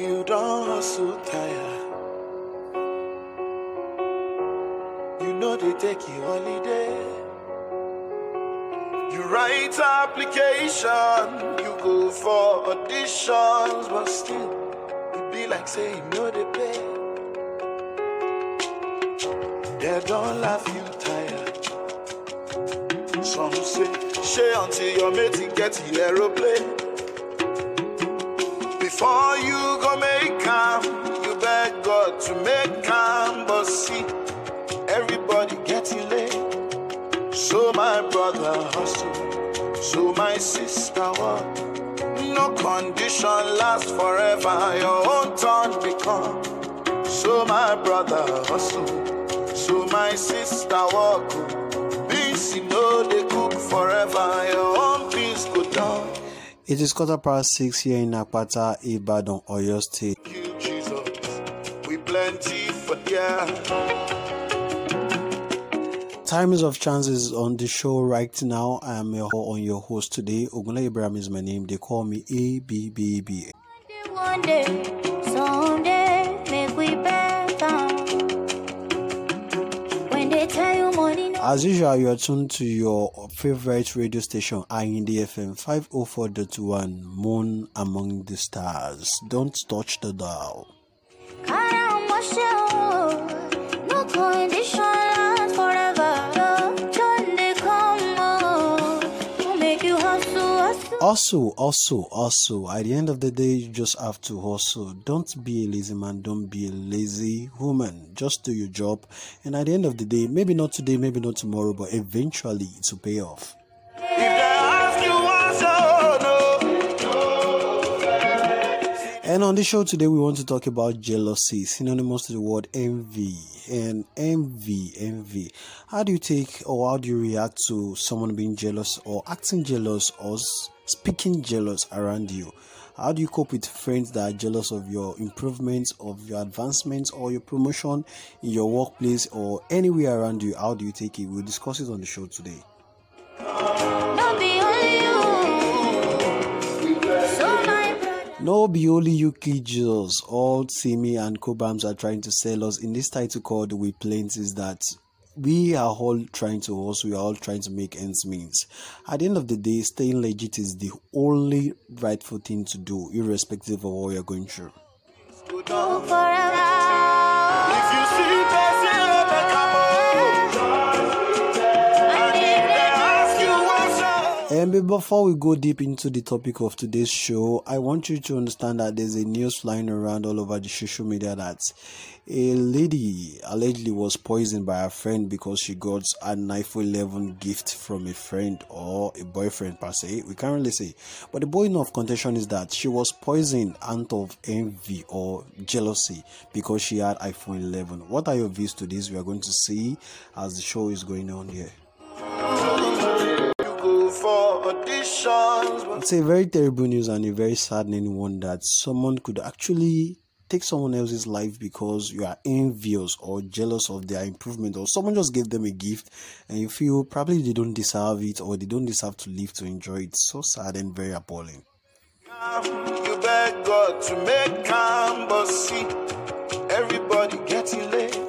you don't hustle tire. You know they take you holiday. You write application, you go for auditions, but still you be like say no, they pay. They don't laugh you tired. Some say, share until your mate get the aeroplane. no condition lasts forever. Your own turn become. So my brother hustle, so my sister walk. Beans you know they cook forever. Your own beans go down. It is quarter past six here in Apata, Ibadan, Oyo State. You, Jesus, we plenty for yeah. Times of chances on the show right now. I am your on your host today. Ogunle Ibrahim is my name. They call me ABBB. As usual, you are tuned to your favorite radio station, INDFM 504.1, Moon Among the Stars. Don't touch the dial. also, also, also, at the end of the day, you just have to hustle. don't be a lazy man, don't be a lazy woman. Just do your job. And at the end of the day, maybe not today, maybe not tomorrow, but eventually it will pay off. And on the show today, we want to talk about jealousy, synonymous to the word envy. And envy, envy. How do you take or how do you react to someone being jealous or acting jealous or speaking jealous around you? How do you cope with friends that are jealous of your improvements, of your advancements, or your promotion in your workplace or anywhere around you? How do you take it? We'll discuss it on the show today. No, be only you kid Jesus. All Simi and Cobams are trying to sell us in this title called We Plains is that we are all trying to also we are all trying to make ends meet at the end of the day staying legit is the only rightful thing to do irrespective of what you're going through before we go deep into the topic of today's show, I want you to understand that there's a news flying around all over the social media that a lady allegedly was poisoned by her friend because she got an iPhone 11 gift from a friend or a boyfriend per se. We can't really say. But the point of contention is that she was poisoned out of envy or jealousy because she had iPhone 11. What are your views to this? We are going to see as the show is going on here for auditions. It's a very terrible news and a very saddening one that someone could actually take someone else's life because you are envious or jealous of their improvement or someone just gave them a gift and you feel probably they don't deserve it or they don't deserve to live to enjoy it. So sad and very appalling. You beg God to make calm, but see, everybody getting late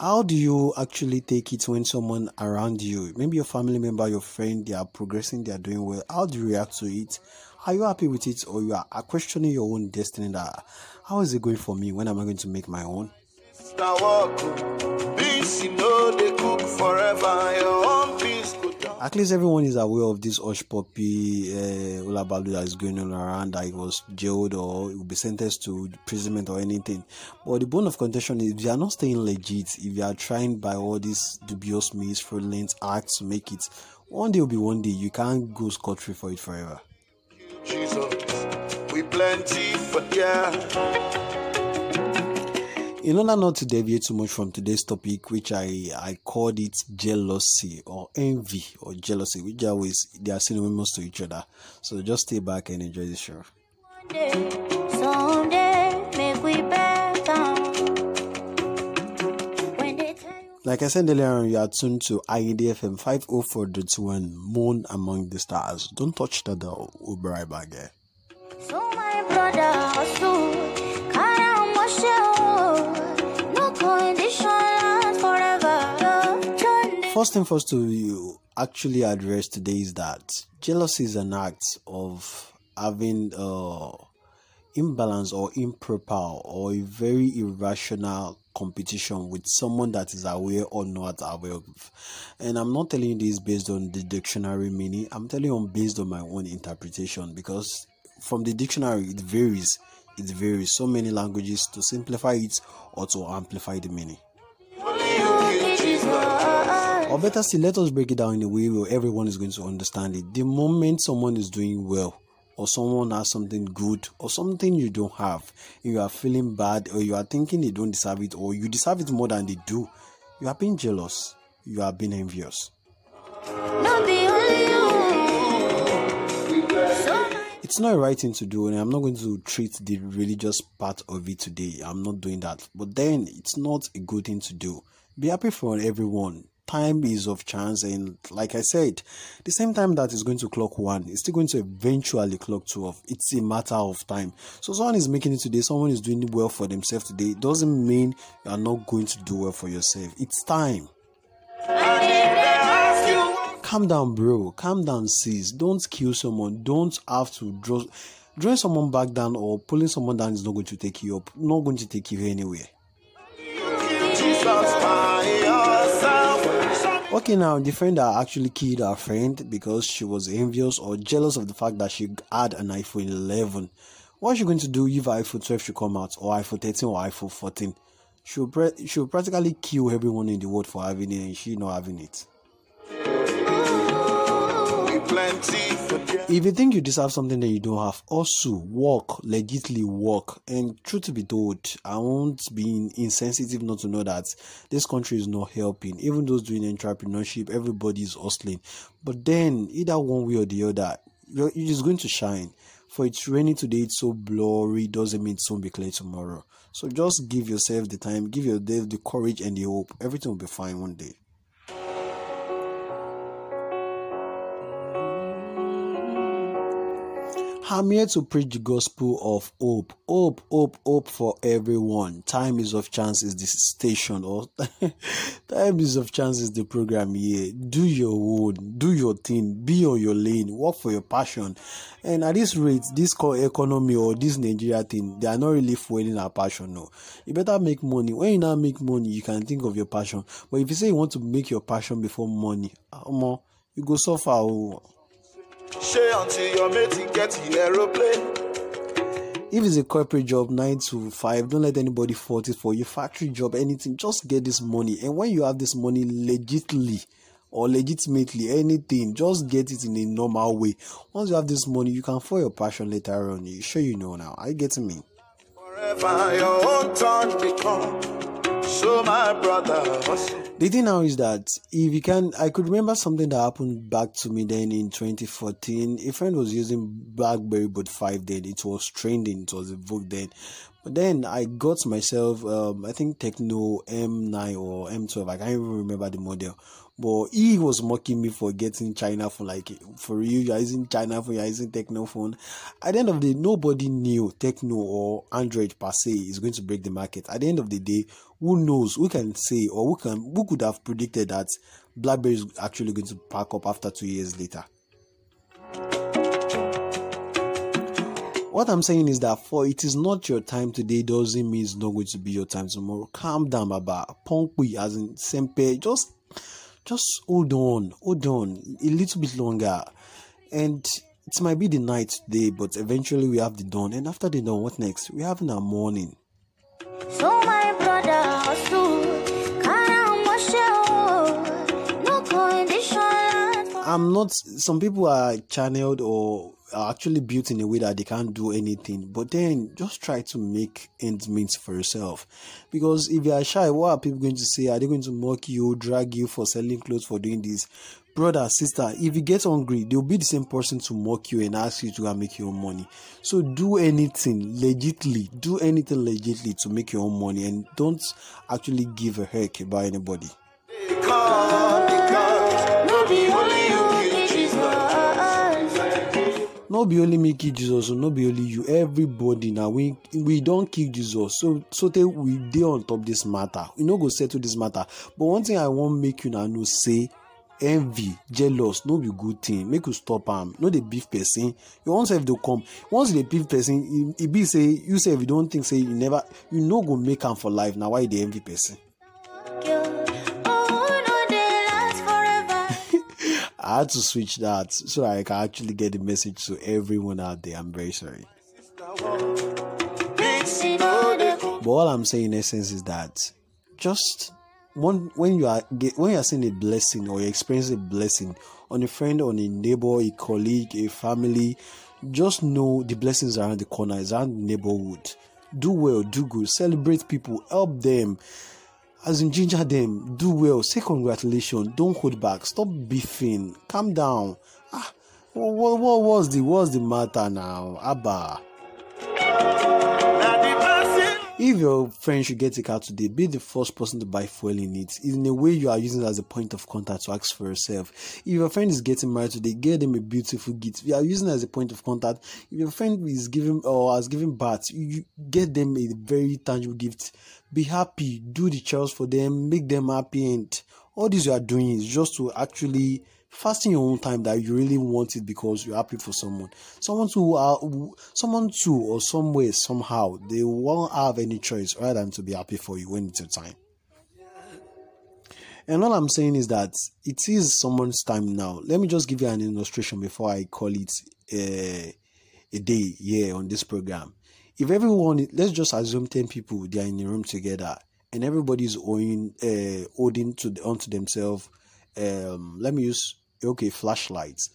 how do you actually take it when someone around you, maybe your family member, your friend, they are progressing, they are doing well? How do you react to it? Are you happy with it or you are questioning your own destiny that how is it going for me? When am I going to make my own? at least everyone is aware of this hush puppy uh, eh, Ulabalu that is going on around that he was jailed or he will be sentenced to imprisonment or anything. But the bone of contention is if you are not staying legit, if you are trying by all these dubious means, fraudulent acts to make it, one day will be one day. You can't go scot free for it forever. Jesus, we plenty but yeah in order not to deviate too much from today's topic, which I, I called it jealousy or envy or jealousy, which always they are synonymous to each other. So just stay back and enjoy the show. like I said earlier you are tuned to IEDFM 504.1 Moon Among the Stars. Don't touch that, though. We'll be right back. There. So, my brother, first thing first to actually address today is that jealousy is an act of having uh, imbalance or improper or a very irrational competition with someone that is aware or not aware of. And I'm not telling you this based on the dictionary meaning, I'm telling you based on my own interpretation because from the dictionary it varies. It varies so many languages to simplify it or to amplify the meaning. Or better still, let us break it down in a way where everyone is going to understand it. The moment someone is doing well, or someone has something good, or something you don't have, you are feeling bad, or you are thinking they don't deserve it, or you deserve it more than they do, you are being jealous, you are being envious. it's not a right thing to do, and I'm not going to treat the religious part of it today. I'm not doing that. But then it's not a good thing to do. Be happy for everyone time is of chance and like i said the same time that is going to clock one is still going to eventually clock two of it's a matter of time so someone is making it today someone is doing well for themselves today it doesn't mean you are not going to do well for yourself it's time calm down bro calm down sis don't kill someone don't have to draw drawing someone back down or pulling someone down is not going to take you up not going to take you anywhere Okay, now the friend that actually killed her friend because she was envious or jealous of the fact that she had an iPhone 11. What is she going to do if iPhone 12 should come out, or iPhone 13, or iPhone 14? She'll, pre- she'll practically kill everyone in the world for having it and she not having it. Plenty. If you think you deserve something that you don't have, also work, legitimately work. And truth to be told, I won't be insensitive not to know that this country is not helping. Even those doing entrepreneurship, everybody is hustling. But then, either one way or the other, you're just going to shine. For it's raining today, it's so blurry, doesn't mean it's gonna be clear tomorrow. So just give yourself the time, give yourself the courage and the hope. Everything will be fine one day. I'm here to preach the gospel of hope. Hope, hope, hope for everyone. Time is of chance is the station or time is of chance is the program here. Do your own, do your thing, be on your lane, work for your passion. And at this rate, this economy or this Nigeria thing, they are not really fueling our passion. No, you better make money. When you now make money, you can think of your passion. But if you say you want to make your passion before money, ah, you go suffer. So oh. If it's a corporate job, 9 to 5, don't let anybody fault it for you. Factory job, anything, just get this money. And when you have this money legitimately or legitimately anything, just get it in a normal way. Once you have this money, you can follow your passion later on. You sure you know now? Are you getting me? Forever, so my brother the thing now is that if you can, I could remember something that happened back to me then in 2014. A friend was using BlackBerry Bot 5 then. It was trending. It was a book then. But then I got myself, um, I think Techno M9 or M12. I can't even remember the model but he was mocking me for getting China phone. Like, for you, you're using China phone, you're using Techno phone. At the end of the day, nobody knew Techno or Android per se is going to break the market. At the end of the day, who knows? Who can say or who can who could have predicted that BlackBerry is actually going to pack up after two years later? What I'm saying is that for it is not your time today doesn't mean it's not going to be your time tomorrow. Calm down, Baba. Punkwi as in Sempe. Just just hold on, hold on a little bit longer. And it might be the night today, but eventually we have the dawn. And after the dawn, what next? We're having our morning. So my brother oh, I'm not some people are channeled or are actually built in a way that they can't do anything. But then just try to make ends meet for yourself. Because if you are shy, what are people going to say? Are they going to mock you, drag you for selling clothes, for doing this? Brother, sister, if you get hungry, they'll be the same person to mock you and ask you to go and make your own money. So do anything legitly, do anything legitly to make your own money and don't actually give a heck about anybody. Because no be only me kill jesus o no be only you everybody na we we don kill jesus so so tey we dey on top dis matter we no go settle dis matter but one thing i wan make una know say envy jealous no be good thing make you stop am no dey beef person your own self dey come once you dey beef person e, e be say you sef you don think say you never you no go make am for life na why you dey envy person I had to switch that so that I can actually get the message to everyone out there. I'm very sorry. But all I'm saying in essence is that just one when you are when you are seeing a blessing or you experience a blessing on a friend, on a neighbor, a colleague, a family, just know the blessings around the corner, is around the neighborhood. Do well, do good, celebrate people, help them as in ginger them do well say congratulations don't hold back stop beefing calm down ah what, what, what was the what's the matter now abba If your friend should get a car today, be the first person to buy fuel in it. In a way, you are using as a point of contact to ask for yourself. If your friend is getting married today, get them a beautiful gift. You are using as a point of contact. If your friend is giving or has given birth, you get them a very tangible gift. Be happy, do the chores for them, make them happy, and all this you are doing is just to actually fasting your own time that you really want it because you're happy for someone someone to are, uh, someone to or some way somehow they won't have any choice rather than to be happy for you when it's your time and all i'm saying is that it is someone's time now let me just give you an illustration before i call it a, a day yeah on this program if everyone let's just assume 10 people they are in a room together and everybody's owing uh, holding to the, onto themselves um, let me use okay flashlights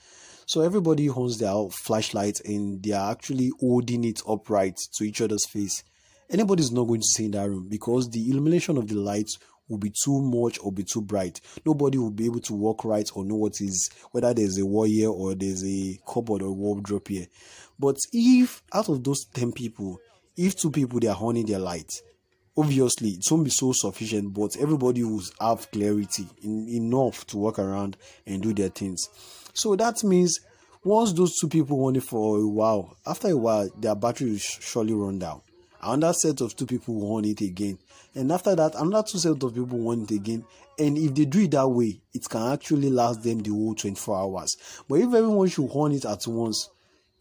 so everybody holds their flashlight and they are actually holding it upright to each other's face anybody's not going to see in that room because the illumination of the lights will be too much or be too bright. Nobody will be able to walk right or know what is whether there's a wall here or there's a cupboard or wardrobe here. But if out of those ten people, if two people they are holding their light, obviously it won't be so sufficient but everybody will have clarity in, enough to walk around and do their things so that means once those two people want it for a while after a while their battery will surely run down another set of two people want it again and after that another two set of people want it again and if they do it that way it can actually last them the whole 24 hours but if everyone should want it at once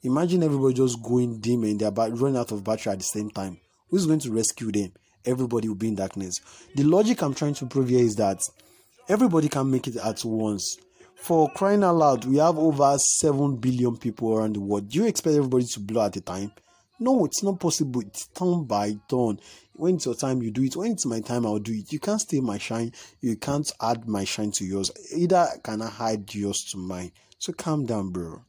imagine everybody just going dim and they're running out of battery at the same time who's going to rescue them everybody will be in darkness. The logic I'm trying to prove here is that everybody can make it at once. For crying out loud, we have over 7 billion people around the world. Do you expect everybody to blow at a time? No, it's not possible. It's turn by turn. When it's your time, you do it. When it's my time, I'll do it. You can't steal my shine. You can't add my shine to yours. Either can I hide yours to mine. So calm down, bro.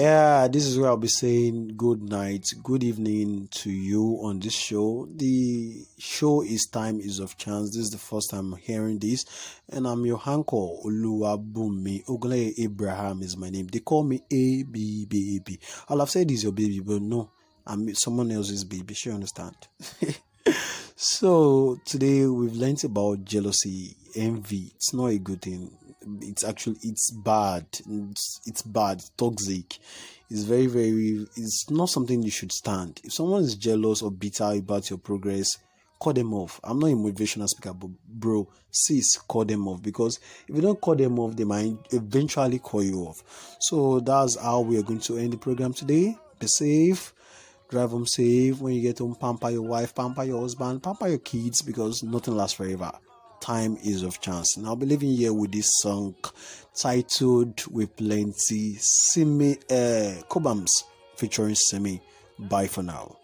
yeah, this is where I'll be saying good night, good evening to you on this show. The show is Time is of Chance. This is the first time I'm hearing this, and I'm your uncle Oluwabumi Ogle Abraham is my name. They call me A B B A B. I'll have said he's your baby, but no, I'm someone else's baby. She understand. so today we've learnt about jealousy, envy. It's not a good thing it's actually it's bad it's, it's bad toxic it's very very it's not something you should stand if someone is jealous or bitter about your progress call them off i'm not a motivational speaker but bro sis call them off because if you don't call them off they might eventually call you off so that's how we are going to end the program today be safe drive home safe when you get home pamper your wife pamper your husband pamper your kids because nothing lasts forever time is of chance. Now, I'll be leaving here with this song titled with plenty Simi uh, eh, Kobams featuring Simi. Bye for now.